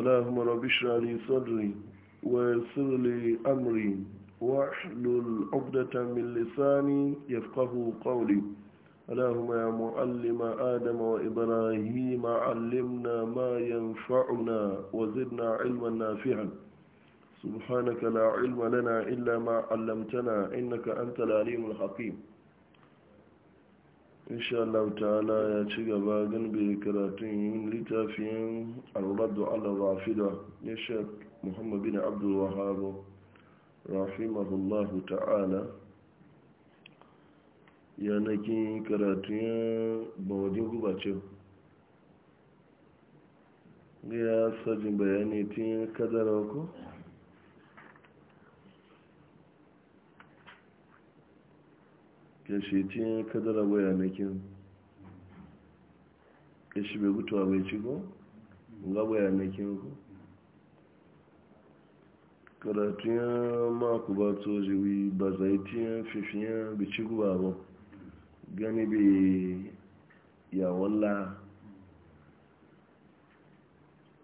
اللهم رب اشرح لي صدري ويسر لي امري واحلل عقدة من لساني يفقه قولي اللهم يا معلم آدم وإبراهيم علمنا ما ينفعنا وزدنا علما نافعا سبحانك لا علم لنا إلا ما علمتنا إنك أنت العليم الحكيم insha Allah ta'ala ya ci gaba ganbe karatun yin littafin al-raddu ala rafida ya shek muhammad bin abdul wahab rahimahullah ta'ala yanakin karatun bawadin gubace ya sajin bayani tun kadara ko kashetin kadara waya na kin kashi bai gutuwa bai ci ko ga waya na kin ko karatun ya maku ba to jiwi ba zaitiyar fifiyan bici guba ba gani bai ya walla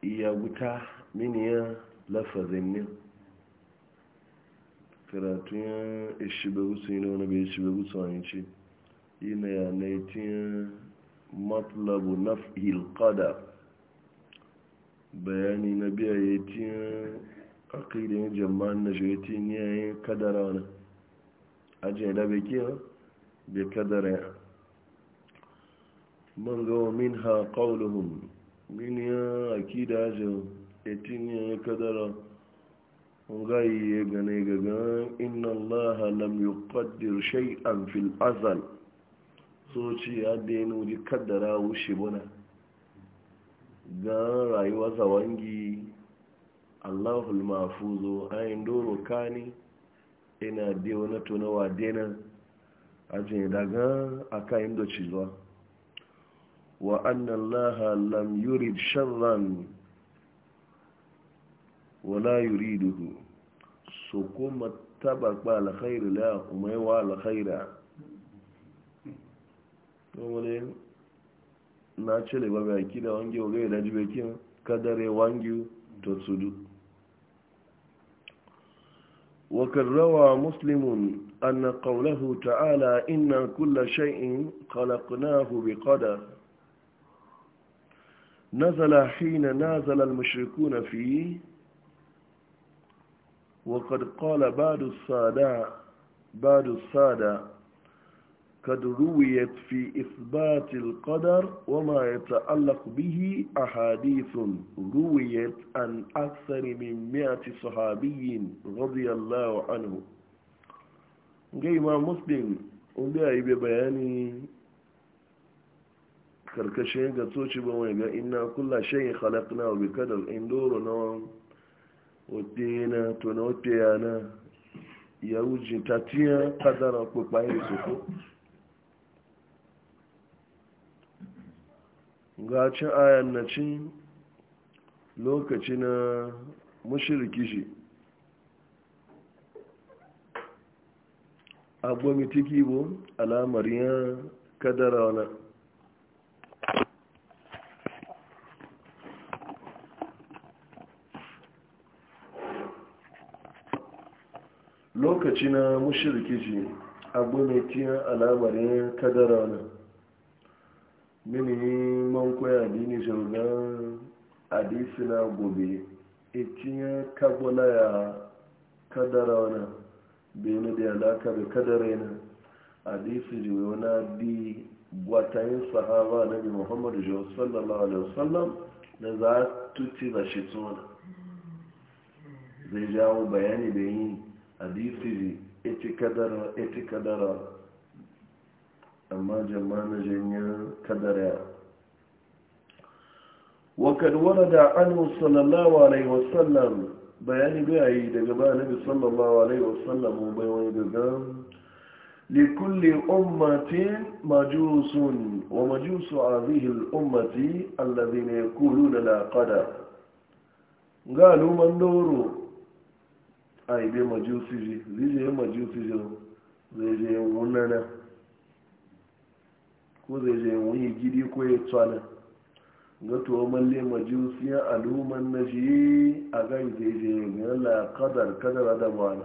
iya guta miniyan lafazin ne karatu ya ishibe gusu ne wani bai ishibe gusu a yanci yana ya na itin matlabu na hilkada bayani na biya ya itin akidan jama'an na shi ya itin yayin kadara wani ajiyar da bai kiya bai kadara ya man gawa min ha kauluhun min ya akida ajiyar itin yayin kadara ngai ya gane gagan inna allaha lam yuqaddir shay'an fil azal soci ya denu ji kaddara wushi buna ga rayuwa zawangi allahul mafuzo ayin doro kani ina de wani tunawa dena ajin daga aka indo cizwa wa anna allaha lam yurid sharran wala yuriduhu su kuma tabarba alkhairu la wa alkhaira wani na cire ba ga kida wangi o da daji bakin kadare wangi to tsudu wakar rawa muslimun an kaunahu ta'ala ina kula shai'in kalakunahu bi kada nazala hina nazalar mashirku na fi. وقد قال بعض السادة بعض السادة قد رويت في إثبات القدر وما يتعلق به أحاديث رويت عن أكثر من مئة صحابي رضي الله عنه جاي ما مسلم وبيعي ببياني كركشين قد tsoci ba إنا كل شيء خلقناه بقدر إن دورنا Wadde na to na ote ya na ya wuce tiya kadara kpokpa ya soko gacin ayan na cin lokaci na mashirki shi agbomitiki bu alamar ya kadara wani lokaci na mushirki ce abu mai tiyan alamarin kadara na mini man koya dini shirgan adisi na gobe itiyan kagbala ya kadara na benin da alaka da kadara na adisi jiwe na di gwatayin sahaba na bi muhammadu jihar sallallahu alaihi wasallam da za tuti da shi tsona zai jawo bayani da yi hadisi ne iti kadara iti kadara amma jamanin janyar kadara wakad wani da anu sallallahu alaihi wasallam bayani bayayi daga ba na sallallahu alaihi wasallam bai wani daga likulli ummati majusun wa majusu a zihil ummati allazi ne kulu da laƙada ga al'umman doro a yi bai majusi ji zije yin majusi ji zai je yin wunana ko zai je yin wuni gidi ko ya tsana ga to malle majusi ya aluman na ji a gai zai je yin yalla kadar kadar da bana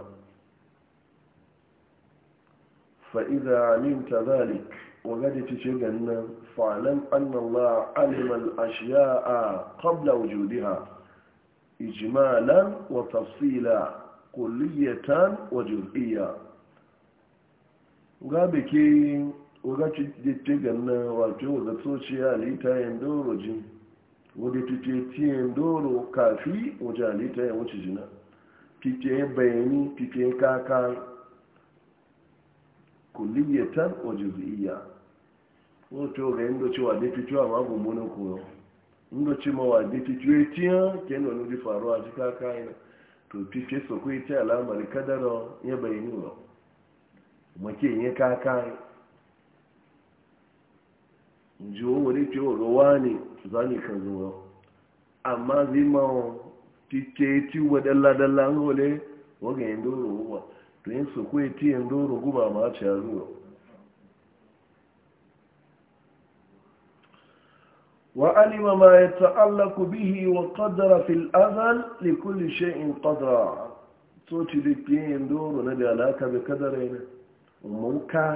fa'iza alimta zalik وقد تشجن فاعلم أن الله علم الأشياء قبل وجودها إجمالا وتفصيلا kulliyatan wa juz'iyya ga biki oga cikin ganna wato ga sociya lita yin doro jin wadda tuke tiyan doro kafi wajen lita yin wuce jina fike bayani fike kaka kulliyatan wa juz'iyya wato ga yin doci wa da fitowa ma gumbunan koyo in doci ma wa da fitowa e tiyan kenan wani faruwa ji kaka yana to fice su kuwa ce alamar kadara ya bayani ba make yin kaka ji o wani ce o rowa ne za ni kan zuwa amma zai ma tike ci wa dalla-dalla wale waga yin doro guba to yin su kuwa ti yin doro guba ma ce a zuwa وعلم ما يتعلق به وقدر في الأذن لكل شيء قدر توتي دي بيين دور ونبي علاقة بقدرين وموكا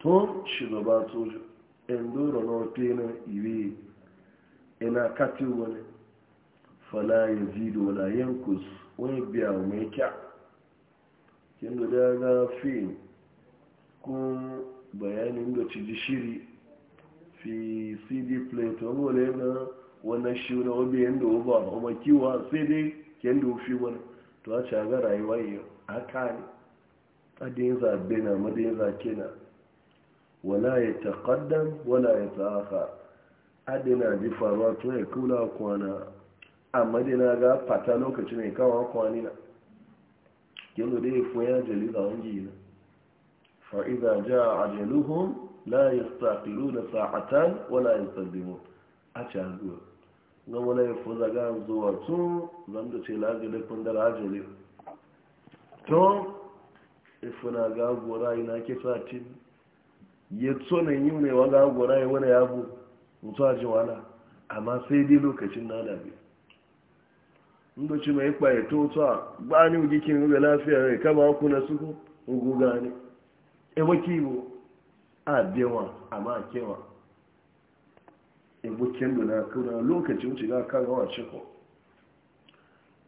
تون شباباتو اندور ونوتين يبي إنا كتبون فلا يزيد ولا ينكس ويبيع وميكع كندو داغا فين كون bayanin da ci shiri fi cd plate wani wale na wannan shi na obi yadda ba a makiwa sai dai yadda ofi wani to a ci aga rayuwa yi haka ne adin zaɓe na madin zake na wala ya taƙaddam wala ya ta'aka adina ji faruwa tun ya e kula kwana a dina ga fata lokacin ya kawo kwani na ya dai ya jali za wani na fa'iza ja ajaluhun la yastaqiluna sa'atan wala yastadimun a ci na wala ya fuza ga zuwa tun zan da ce lagi da kundar ajiyar to ifuna ga gora ina ke satin ya tsonan yi mai wa ga gora ya wani abu mutu a wala amma sai dai lokacin na dabe ndoci mai kwaye to to ba ni ugikin ga lafiya ne kama ku na suku ugu e wakibo a abewa a makewa ibukin na kuna lokacin shiga kan hawa ciko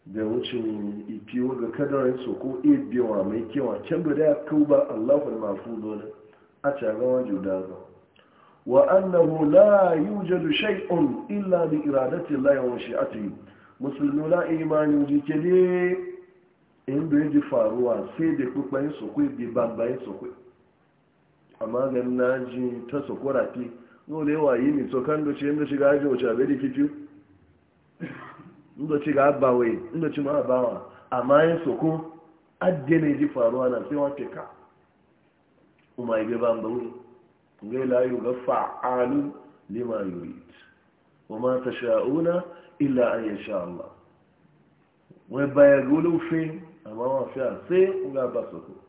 da wucin ipiyo ga kadarin su ko ibewa mai kewa can da ya kuba allahun mafu dole a cagawa juda ba wa annahu la yujadu shay'un illa bi iradati llahi wa shi'atihi musulmi la imani jike ne in bai ji faruwa sai da kubayin su ko bi babbayin su ko amma ganin na ta sokora fi nole wa yi so kan doce inda shiga aji wace abe di fifiyu inda ci ga abawe inda ci ma abawa amma yin soko adiyana ji faruwa na sai wace ka umar ibe ban bauri gai layu ga fa'alu lima yurid wa ma ta sha'una illa an yasha Allah wai bayan rulufin amma wafi a sai ga ba soko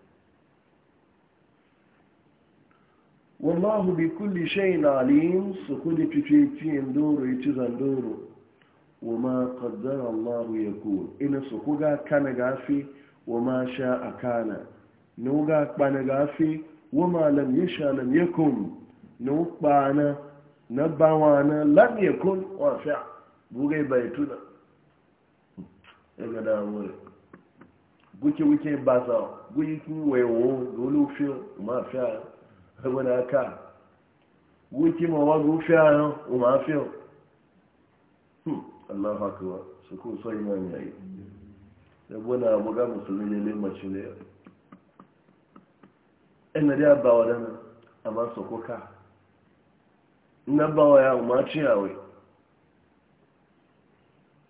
wallahu bi kulli shay'in alim su kudi fice ciyen doro ya ci zandoro wa ma qaddara Allah ya kun ina su kuga kana gafi wa ma sha a kana na wuga kpana gafi wa ma lam ya sha lam ya kun na kpana na bawana lam ya kun wa fi'a bugai bai tuna ya ga damuwa guke-guke basa, sa guyi kun waiwo ga wani ma fi'a saboda aka wuki ma wa gufi a yau umar fiye hmm, Allah haka su ko so iman yayi saboda abu ga musulmi ne mace ne ina da ba amma su ko ka na ba ya umar ciyawai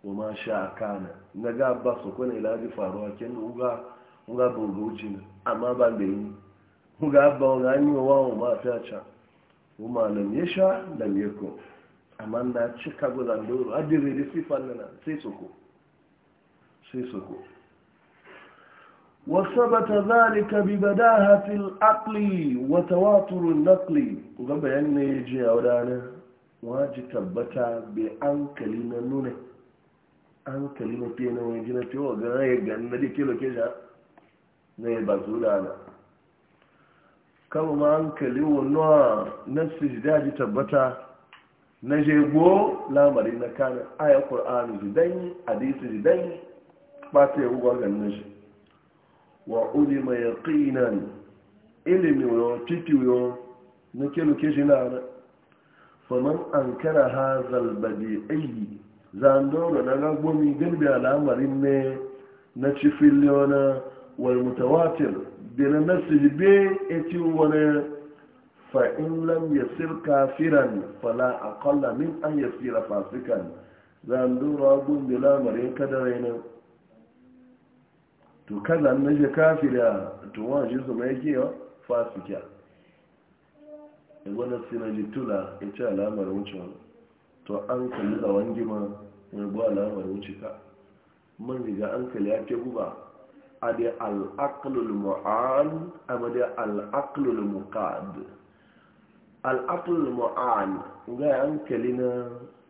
umar sha kana na ga ba su ko ne ilaji faruwa kin uga uga bunga wuce amma ban da yi ga abba wani hanyar wawon ba ta can kuma nan ya sha da mekun amma na cika gudan doro adiri da sifan nan sai soko sai soko wasu bata zalika bi bada hafin akli wata waturin nakli ga bayan na ya ji a wadanar waji tabbata bai an kali na nuna an kali na fiye na wani gina fiye wa gana ya gana da ke lokacin na yi ba su dana kama ma hankali wannan na ji tabbata na jego lamari na kana aya qur'ani jidan hadisi jidan ba ta yi ruwa ga nashi wa ulima yaqinan ilimi yo titi yo na kelu ke shi na faman ankara Za badi'i zandoro na gagbomi gani bi lamarin ne na cifiliyona wal mutawatir bina nafsihi be eti wani fa'in lam yasir kafiran fala aqalla min an yasira fasikan zan dora gun da lamarin kadara yana to kaza na je kafira to wa ji zuma yake ya fasika e wani sinaji tula ya e ce alamar wuce to an kalli da wangima wani e ba alamar wuce ka man riga an kalli ya ke guba adi al'aqlul mu'an amadi al'aqlul muqad al'aqlul mu'an ga hankali na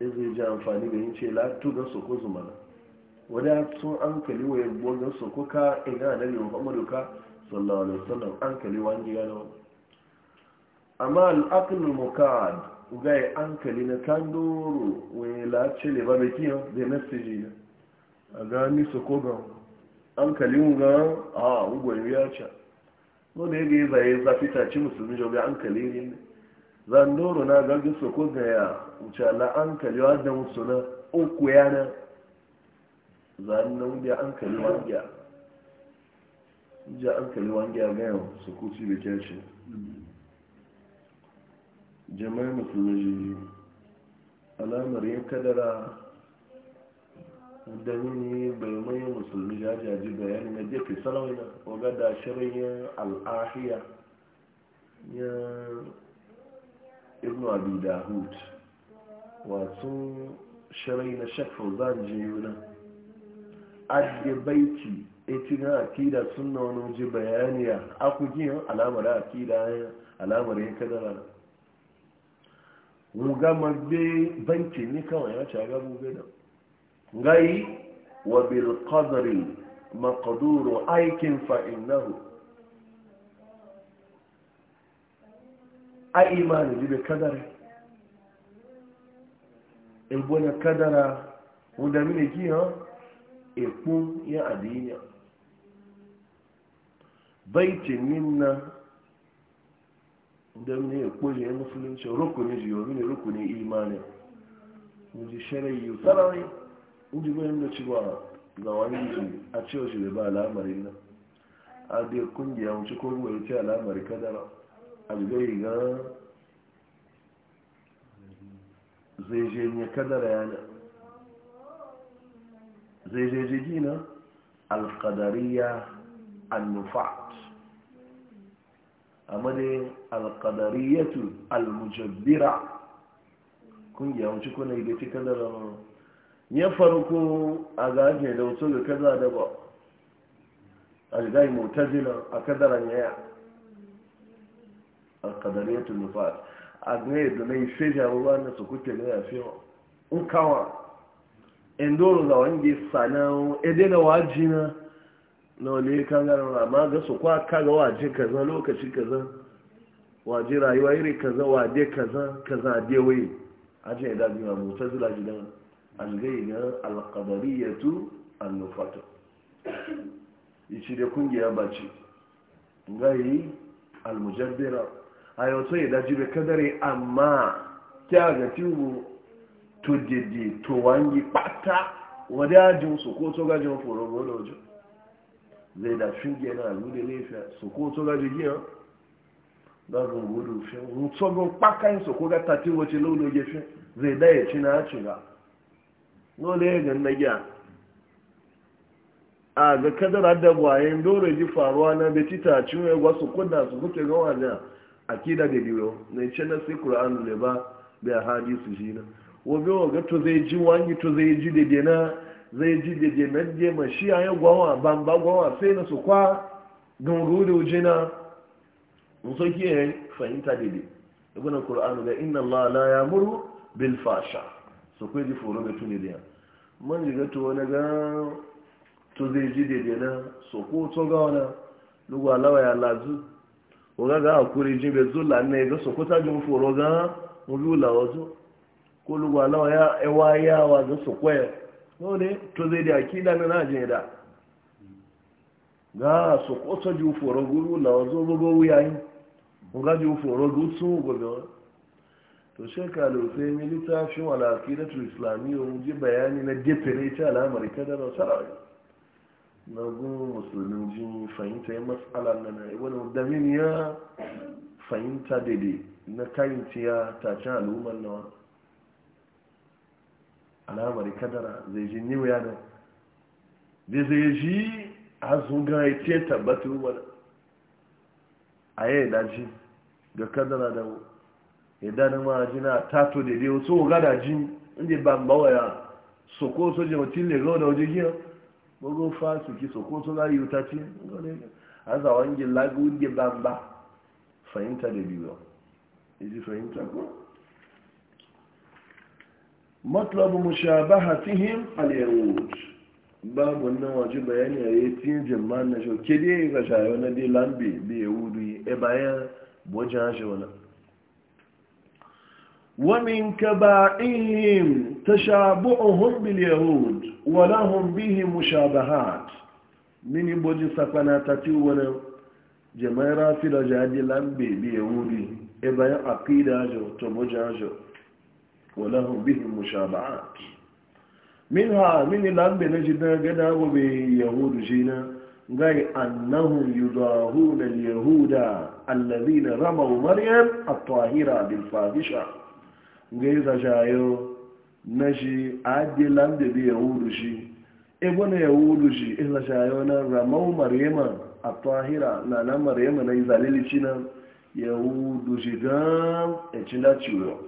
izai ji amfani da yin ce latu ga soko zumana wadda an hankali wa yabo ga soko ka ina na ne muhammadu ka sallallahu alaihi wasallam hankali wa ngi gano amma al'aqlul muqad ga hankali na tandoro wa lace le ba beki da message a ga ni soko ga an kalin ga a ugwai ya ce no da yake zai zafi ta ci musulmi jobe an kalin ne doro na gaggi su ko ga ya wuce la an kali wa da musuna uku yana na, da an kali wangiya ja an kali wangiya ga yau su ku ci bi kyashi jama'i musulmi alamar yin kadara da mini bai mai musulmi jajaji bayani na jefe jefi sarawina waga da shirin yin al'ahiya ya ibn abi dahud wato shirin na shakfa zan jiyuna adde baiti etina akida sunna wani ji bayani ya akujin alamar akida alamar ya kadara mu gama gbe banki ni kawai ya ci agabu bai da Ngai wa bil qadri maqduru aikin fa innahu a imani jibe kadare ebona kadara wanda mini ki ha ekun ya adinya baitin ninna da mini ekun ya musulunci rukuni wa mini rukuni imani mu ji sharayi sarari inji goyon da cewa ga wani ji a cewa shi da ba al'amari na a da kungiya wuce ko ruwa ya ce al'amari kadara algai ga zai je ne kadara yana zai je jigi na alkadariya annufat amma dai alkadariyatu almujabbira kungiya wuce ko na ibe ce kadara ya farko a gaje da wasu ga kaza da ba a jigai mutazila a kadaran yaya a kadariyatul nufat a gaya da na yi feja ruwa na su kuke na ya fiye in kawa indoro za wange sana edena wajina na wale kan gara amma ga su kwa kaga waje kaza lokaci kaza waje rayuwa iri kaza wade kaza kaza dewe ajin idabi ma mutazila gidan an gai ga alkadariyatu annufatu ishi da kungiya ba ce gai almujabbira a yau so da jibe kadare amma kya ga tiwo to dede to wangi pata wadajin su ko to gajin foro godo jo zai da shinge na rude lefiya su ko to gajin giya gagun gudu fi mutogon pakayin su ko ga tatiwo ce laulo zai da ci na ci ga dole ya ganna giya a ga kadara da bayan dole ji faruwa na da tita cin ya gwasu kudda su kuke ga wajen akida da biyo na ce na sai kur'an ne ba da su shi na wabe wa ga to zai ji wani to zai ji dede na zai ji daidai na je ma shi ya gwawa ban ba gwawa sai na su kwa gungu da ujina mun soki fahimta dede ibn qur'an da inna allaha la ya'muru bil fasha su ji foro ga tuni da man ji gato wani ga to zai ji daidai na so ko to ga wani lugu alawa ya lazu oga ga akuri ji bai zula ne ga so ko ta ji foro ga mu lula wazo ko lugu alawa ya ewa yawa ga so kwaya wani to zai da akida na na jin da ga so ko to ji foro guru la wazo bugo wuyayi oga ji foro gutsu gobe to shekha milita mai littafin walafi na turislamiyya ji bayani na ta alamar ita al'amari ta sarari na gun musulmin jin fahimta ya matsala na na yi wani damin ya fahimta daidai na ta can al'ummar nawa al'amari kadara zai ji ya don. da zai ji azunga ya ita tabbatar wani a yi daji ga kadara da ìdáná máa jí náà tààtò dèdè ó tó gádà jí ní bàbáwà yà sòkó tó jẹ òtí lè rọ́nà ojú yíyàn gbogbo fásitì kí sòkó tó láyé ó tàtí àzà wọn jẹ lágó jẹ bàbá fẹ̀yìntà dèbì rọ èyí fẹ̀yìntà kọ́ mọ́tòlọ́bù mùsàbáhà tí him alẹ́wòd babu nan waje bayani a yi tiyin na shi ke dai ga shayo na dai lambe bai yahudu ya e bayan bojin hashe wani ومن كبائهم تشابعهم باليهود ولهم به مشابهات من يبوجي سفنا تتيونا جميرا في رجاج لنبي بيهودي إبا عقيدة أجو تبوجا أجو ولهم به مشابهات منها من لنبي نجدنا قدا وبيهود جينا غير أنهم يضاهون اليهود الذين رموا مريم الطاهرة بالفاحشة ga yi zashayo na shi adilan da bi yahudu shi ebo na yahudu shi e, na ramau maryama a na na maryama na izalilici china yahudu shi gan ecin daci yo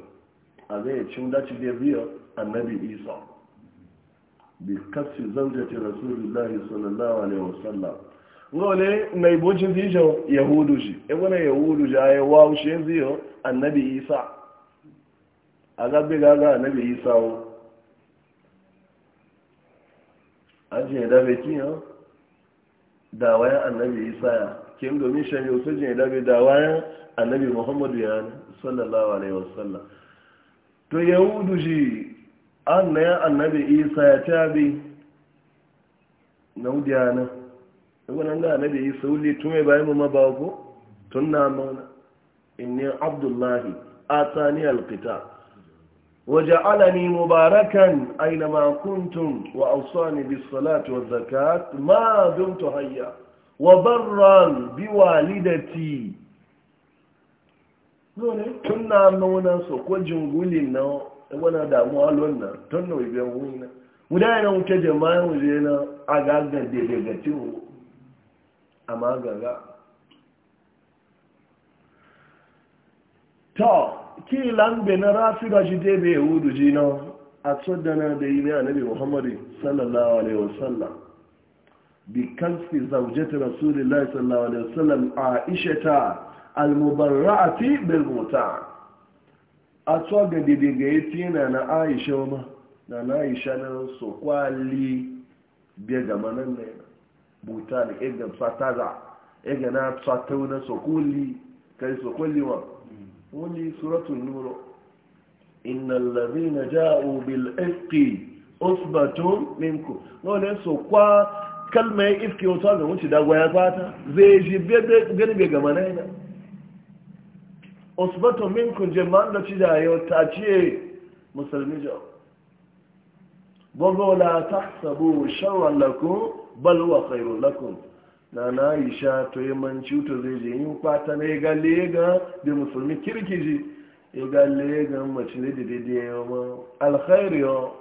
a zai ecin daci da biyo annabi isa bi kasi zaujati rasulullahi sallallahu alaihi wasallam ngole na ibojin zijo yahudu shi ebo ya yahudu shi a yawa annabi isa agagbe gaga anabi isa o ajiye dabe kiyan dawayan annabi isa ya kin domin shan yau su jin dawayan annabi muhammadu ya sallallahu alaihi wasallam to yahudu shi annayan annabi isa ya tabi na udiyana na ga annabi isa wuli tun mai e bayan mamma ba ko tun na mauna inni abdullahi atani alkita وجعلني مباركا أينما كنتم وأوصاني بالصلاة والزكاة ما دمت حيا وبرا بوالدتي nune tun na nuna so ko jingulin na wana damuwa lonna tun na ibe wuna muda yana wuce jama'a wuje na agaga daga ciwo amma gaga ta ki lambe na rafida ji dai bai yahudu ji na a tsoddana da yi na nabi muhammadu sallallahu alaihi wasallam bi kalfi zaujati rasulillahi sallallahu alaihi wasallam aisha ta almubarra'ati bil muta a tsoga didiga ya tina na aisha ma na na aisha na so kwali biya gama nan ne buta da ga fataza ga na tsatau na sokoli kai sokoli wa wani suratun nuro inna lalazina ja'u bil ifqi usbatun minku wani so kwa kalmar ifki wata ga wuce da gwaya fata zai ji gani bai gama na yana usbatun minku jama'an da ci da yau ta ce musulmi ja'u gwagwala ta sabo shawarar lakun balwa lakun na na isha to yi manci to zai je yin fata na ga lega da musulmi kirkiji ya ga lega mace ne da daidai ya yi ma alkhairi yau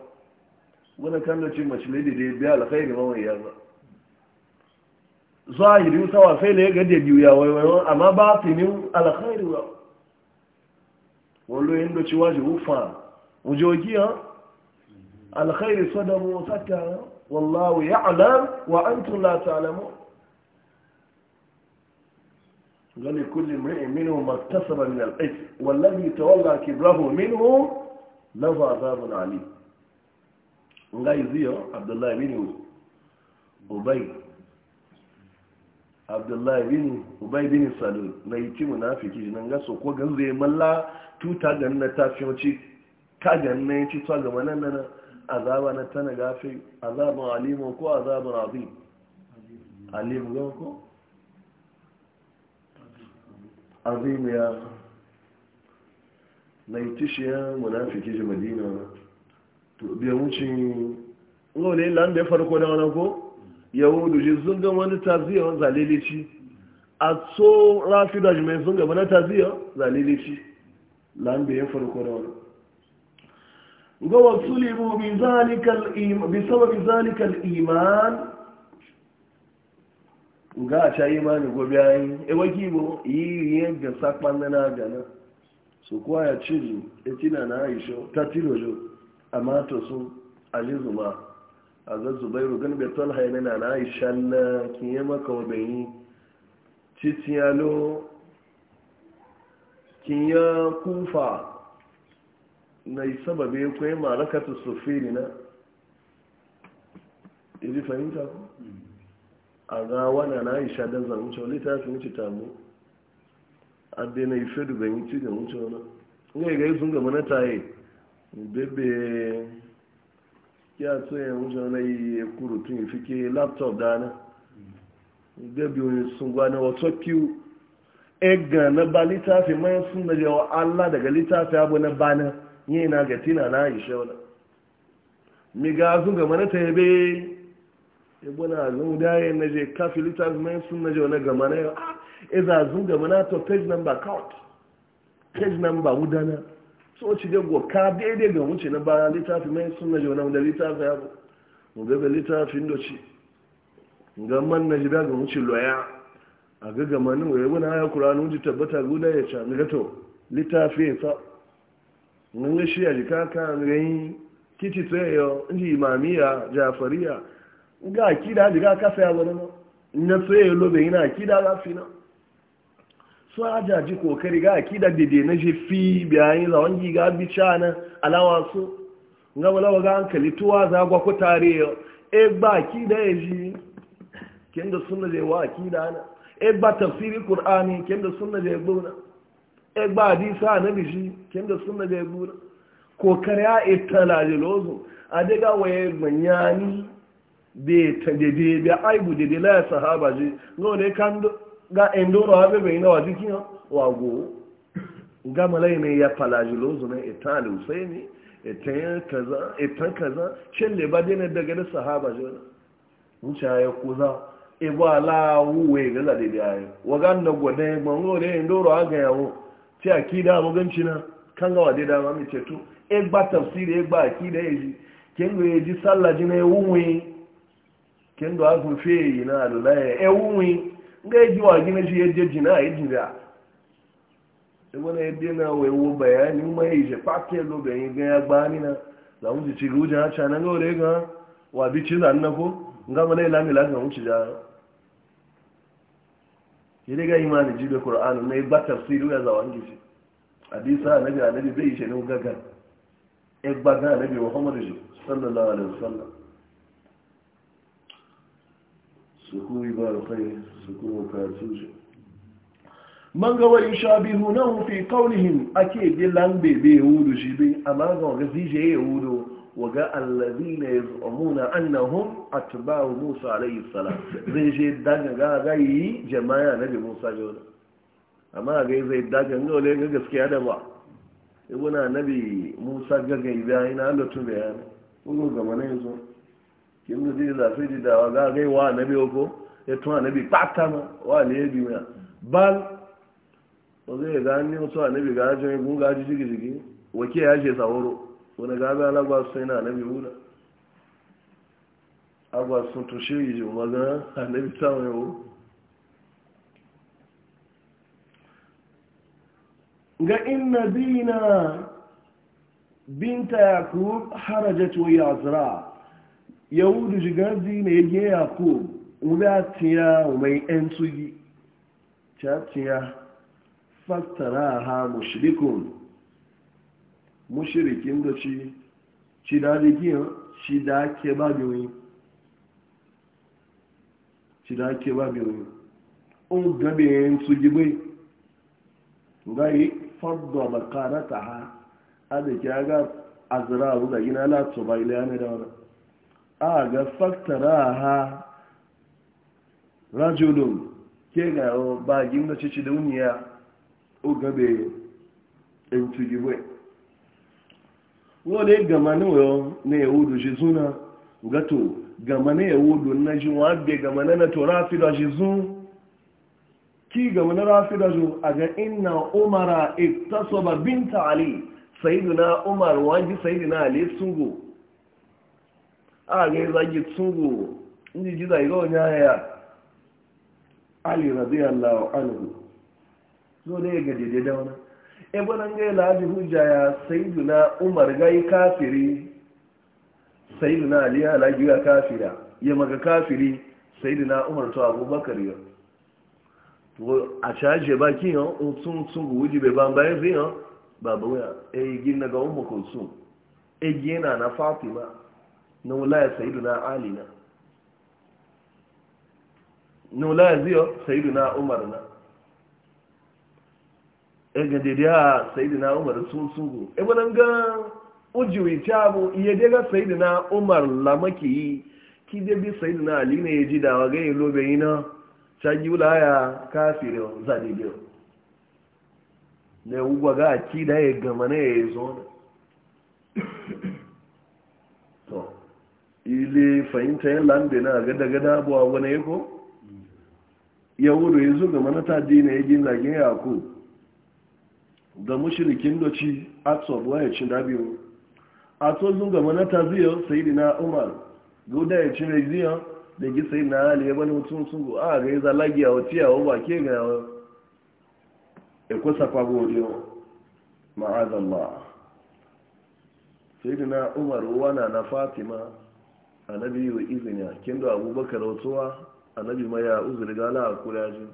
wani kan da ce mace ne da daidai alkhairi ma wani yaza zahiri wuta wa sai lega da biyu ya wai wai amma ba fi ni alkhairi yau wani yin da ci waje wufa wujogi ya alkhairi sadamu sata wallahu ya'lam wa antum la ta'lamun gani kullum ri'in minhu maktasaba min al-ith wallazi tawalla kibrahu minhu lafa azabun ali ngai ziyo abdullahi bin ubay abdullahi bin ubay bin na yi timu na fi kiji nan ga so ko gan zai malla tuta gan na ta fi ka gan na ci ta ga manan nan azaba na tana gafi azabun alimu ko azabun azim alimu ko azim ya na itishiyar munafiki ji madina na to biya wucin ngole landa farko da wani ko yahudu ji sun ga wani taziyar zalilici a so rafi da jimai sun ga wani taziyar zalilici landa farko wani iman ga a ma mani gobe e waki bo yi yin ga sakpan na na gana So kuwa ya e etina na aisha ta tilojo a mato sun zuma a ga zubairu gan beton haini na na aisha na kiye maka wabeyi ki kiya kufa na yi sababe kwaye marakatu sufiri na iri e fahimta ko? Mm. a ga wana na aisha don zan wuce wani wuce tamu a dina ife da bai wuce da wuce wani nga ga sun gama na taye bebe ya so ya wuce wani ya kuru tun ifi ke laptop dana bebe wani sun gwana wato kiwu ega na ba litafi mai sun da jawa allah daga litafi abu na bana yi na gatina na aisha wani mi ga sun gama na taye bai ibuna zun daye na je kafi littafi mai sun na je wani gama na yau ah, iza zun gama to page number count page number wudana so ci ga go ka daidai ga wuce na bayan littafi mai sun na je wani wanda littafi ya bu mu ga ga da ci ji daga wuce loya a ga gama ni wa ibuna kuranu tabbata guda ya ci ga to ya sa mun ga shi kiti tsaye yau ga akida ga kafa ya wani na tsaye lobe yana akida lafi na su a jaji kokari ga akida dede na je fi bayan zawon giga bica na alawa su ga walawa ga hankali tuwa za gwa ku tare e ba akida ya ji kenda da sunna je wa akida na e ba tafsiri qur'ani kenda da sunna je gona e ba hadisa na bi kin kenda sunna je gona e kokari a itala e je lozo a daga waye manyani bai aibu da dai laya sahaba ji ga wani e e kan e ga endoro abe bai na wajen kiyan wago ga malai ne ya palaji falajilo zunan ita alusai ne ita kaza shin le ba dina daga da sahaba je wani wuce ya kuza ibu ala wuwe ga zade da yayi wagan na gwada ya gbanwo da endoro aga yawo ce a kida maganci na kan gawa dai dama mai ceto egba tafsiri egba akida ya ji kin eji ya eji sallaji na ya wuwe kendo azun feyi na alulaye ewuwi nga eji wa gina shi yaje jina ya jira ebe na ebe na wewo bayani ma ya ije pake lo bayi ga ya gbani na la wuce ci ruja ha cana ga ore ga wa bi ci zan na ko nga mana ila e mi lafiya wuce ja yede ga imani e e ji da qur'an ne ba tafsiru ya zawan gishi hadisa nabi annabi bai ishe ne gaga e gbaga nabi muhammadu sallallahu alaihi wasallam suku ibarakai suku bukatu su man gawa yushabihunahu fi qawlihim ake gilan bebe ya yahudu shi bi amma ga ya zije Wa waga allazina yazumuna annahum atba'u musa alayhi salam zai je daga ga gayi jama'a bi musa jona amma ga zai daga ga ole ga gaskiya da ba ibuna nabi musa ga gayi bayan Allah tun bayan ko ga mana yanzu ji da su ji da wa ga gai wa nabi oko ya tun annabi pata ma wa ne bi ma bal o zai ga ni so annabi ga jin gun ga ji jigi jigi wake ya je saworo wani ga ga alagwa sai na annabi wuna agwa sun to shi yi magana annabi tsawon yau ga bi na binta yakub harajat wa yazra yahudu jigazi na yage yakub wuri a tiya mai yan tsugi ta tiya faktara ha mushrikun mushrikin da shi shi da jikin shi da ke ba biyoyi shi ke ba biyoyi un gabe yan tsugi bai gai fadda makarata ha a da ke aga azra wuda gina latu bai liyane da wani a ga faktara ha rajulun ke ga bagin na cici da uniya o gabe in tujiwe wani gama nawa na yahudu shi suna gato gama na yahudu na ji wabe gama na to rafida shi sun ki gama na rafida shi a ga ina umara iktasoba binta ali sayidina umar waji sayidina ali sungo a ga zagi tsugo inji ji zagi wani ya ali radiyallahu anhu zo da ya gaje da wani ebe nan ga ilaji ya sayyiduna umar gai kafiri sayyiduna ali ya lagi ya kafira ya maga kafiri sayyiduna umar to abubakar ya to a caje baki yan tun tun guji bai ban bayan zai babu ya e gina ga umar kulsum e gina na fatima na wulaya sayiduna ali na na ya ziyo sayiduna umar na e ga daidai ha sayiduna umar sun sugu ibanan e ga ujiwi cabu iya daga sayiduna umar lamaki yi ki dai bi sayiduna ali na iji dawa ga yi lobe yi na cagi wulaya kafirin zadidiyar na yi ugwa ga aki da ya gama na ya yi zo ile fahimta yin lambe na gada-gada abuwa wani yako ya wuri ya zuga manata dina ya gina ya ku da mashirikin doci ya ci na biyu a to zuga manata ziyo sai dina umar guda ya cire ziyo da gi sai na hali ya bani mutum sun go ah, a ga yi zalagi a wata yawa ba ke ga yawon ya kusa kwago riyo ma'azallah sai dina umar wana na fatima annabi yi wa izini a kin da abubakar rautuwa annabi ma ya uzuri gala a kuraji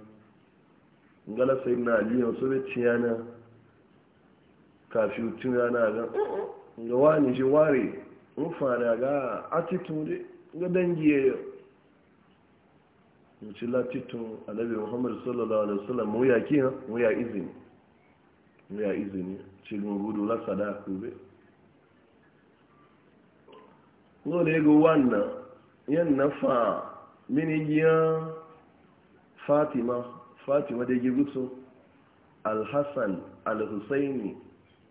gala sai na aliyu su bai ciya na kafin tun yana ga ga wani shi ware in fara ga attitude ga dangi ya yi wuce latitun annabi muhammadu sallallahu alaihi wasallam mu ya kiyan mu ya izini mu ya izini cikin gudu lasa da kube. no da wanna wannan na nafa mini giya fatima fatima da gigutu alhassan alhussaini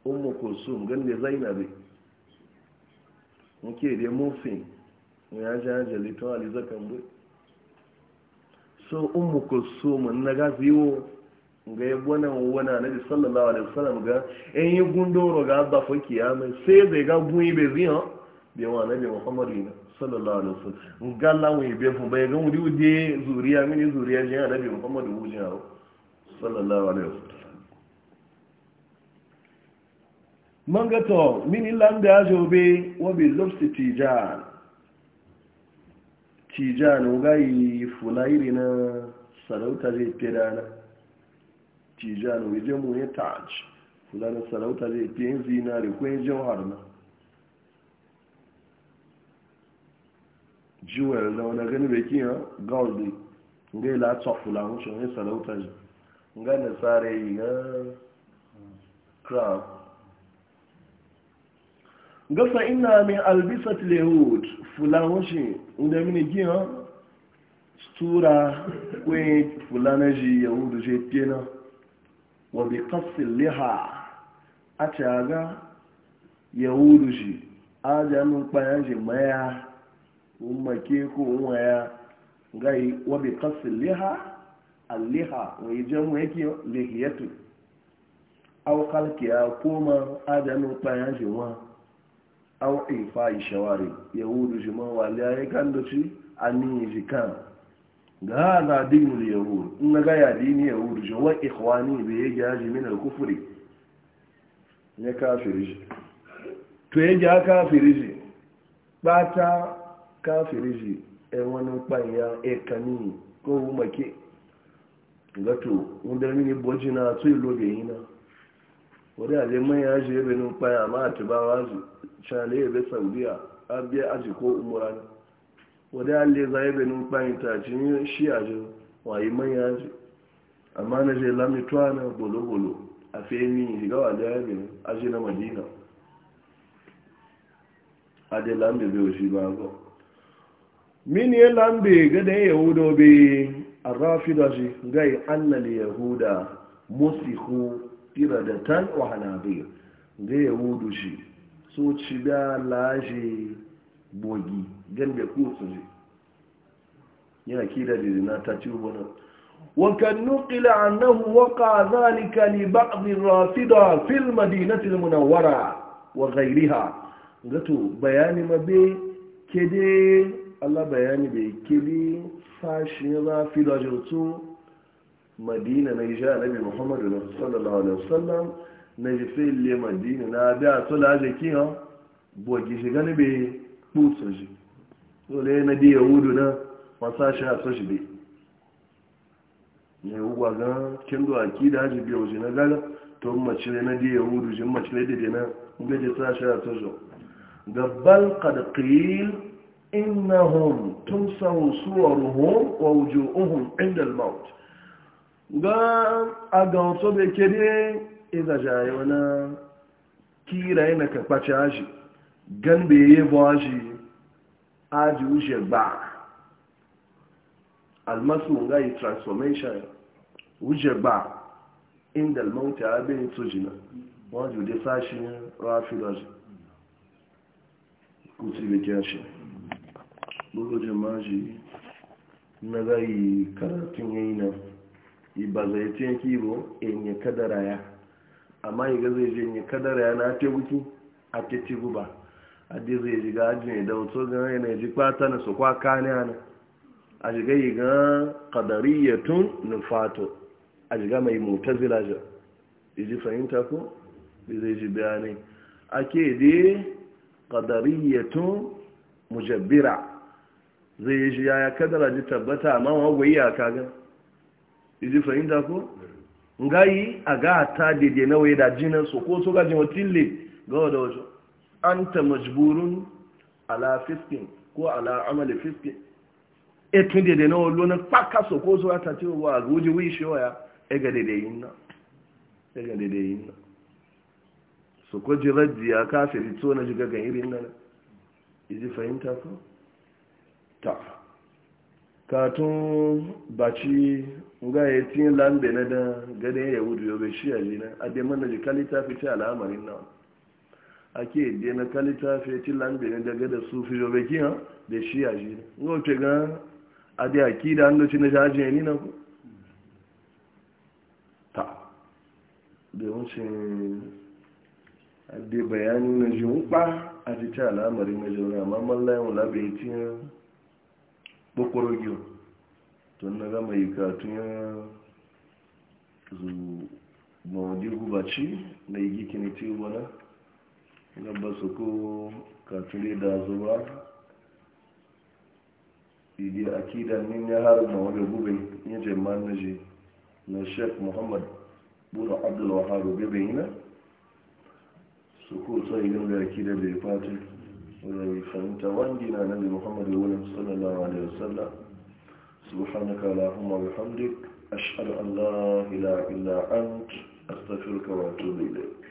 umu kulsum gande zainabi nke da mufin ya jaje lito ali zakan bai so umu kulsum na gaziwo ga yi gwana wana na sallallahu alaihi wasallam ga yan yi gundoro ga abba fa kiyamai sai zai ga gun ibe ziyan bai wa nabi muhammad ne sallallahu alaihi wasallam galla mu be fun bai ga mudi uje zuriya mini zuriya je nabi muhammad uje hawo sallallahu alaihi wasallam manga to mini lande ajo be wa bi lobsi tijan tijan ugai fulairi na sarauta na pedana tijan je mu ne taj fulana sarauta zai pe zinare ko jawhar na jewel da wani gani bai kiyan gaudi ga la latsa fula wuce wani salauta ji gani da tsare yi ga crab gasa ina min albisat lehud fula wuce inda mini kiyan stura kwe fula na ji yahudu je tena wa bi kasin liha a caga yahudu ji a jami'in kpayan ji maya ummake ko waya gai wa bi qasil liha al liha wa yajamu yake lihiyatu aw khalqiya kuma adanu bayan jima aw ifa shawari yahudu jima wala ya gando ci ani jikan ga da dinul yahud in ga ya dini yahud jima ikhwani bi yaji min al kufri ne kafiri to yaji kafiri bata kafiri shi ɗan e wani kwanya ya e kani ko make gato wanda mini boji na su yi lobe yi na wadda a zai ya ji ebe nun kpanya ma a tubawa su cale yabe saudiya abiya aji ko umura wadda a leza yabe nun kwanya ta ci shi a ji wayi manya ji amma na je lamituwa na bolo-bolo a fiye mini shigawa da yabe aji na madina adela mbe be oji ba agbo min ye lambe gade yahudo be arrafidasi gai annal yahuda musihu iradatan wa hanabi ga yahudu shi so ci da laje bogi gan be ku su ji yana kida da na ta ci ubo wa kan nuqila annahu waqa zalika li ba'd arrafida fi almadinati almunawwara wa ghayriha gato bayani mabe kede Allah bayani bai kili sashin rafi da jirtu madina na isha nabi muhammadu na sallallahu alaihi wasallam na jife le madina na bi a tola aje kiyan bogi shiga ni bai kutsu shi dole na di yahudu na wasa shi a soshi bai ne ugwa ga kin do akida haji bi oji na gaga to mace na di yahudu jin mace da na gaje sashi a soshi gabbal qad qil innahum tumsahu suwaruhum wa wujuhum inda al-maut ga agan so be kede iza jayo na kira yana ka kwace gan be ye bo aji aji uje gba almasu ga yi transformation uje gba inda al-maut ya be tsujina wa ju de sashi rafi daji kuti be kyashi bugu jimaji na karatun yayi na ba zai ce ki bo in kadara ya amma yi zai je in kadara ya na te buki a te ci a dai zai ji ga ajin da wato ga yana ji kwata na su kwa kane ana a shiga yi ga qadariyatun nufato a shiga mai mutazila ja ji fahimta ko zai ji bayanai ake dai qadariyatun mujabbira zai yi shi yaya kadara ji tabbata amma wagwai ya kaga izi fahimta ko ngayi a ga ta daidai na waye da jinan su ko su ga jin watille ga wada wasu an ta majburun ala fiskin ko ala amali fiskin etun daidai na wallo na kpaka su ko su ta ce wa ga wuji wuyi shi waya e ga daidai yin na e ga daidai yin na su ko ji rajiya kafin to na ji gagan irin na izi fahimta ko ta katun baci ga ya ci lambe na da gadon yahudu yau bai shiya ne na adai mana fi ta al'amarin nan ake da na ta fi ci lambe na da su fi yobe kiya da shiya ji na ga wace ga adai aki da an doci na jajiya ni na ku ta da yawancin adai bayani na ji hukpa a fi ta al'amarin na jauna amma mallayin wula bai ci bokorogiyar tun na gama yi katun ya zu maudi gubaci na yi gikini tiwana na ba su ko katule da zuwa idi akida ni ya haru na wabe gube ya jaman na ji na sheik muhammad buna abdul waharu bebe yana su ko tsaye yin da akida da ya fatin zai fahimta wangi na nabi muhammad wurin sallallahu alaihi wasallam subhanaka allahumma bihamdik ashhadu an la ilaha illa ant astaghfiruka wa atubu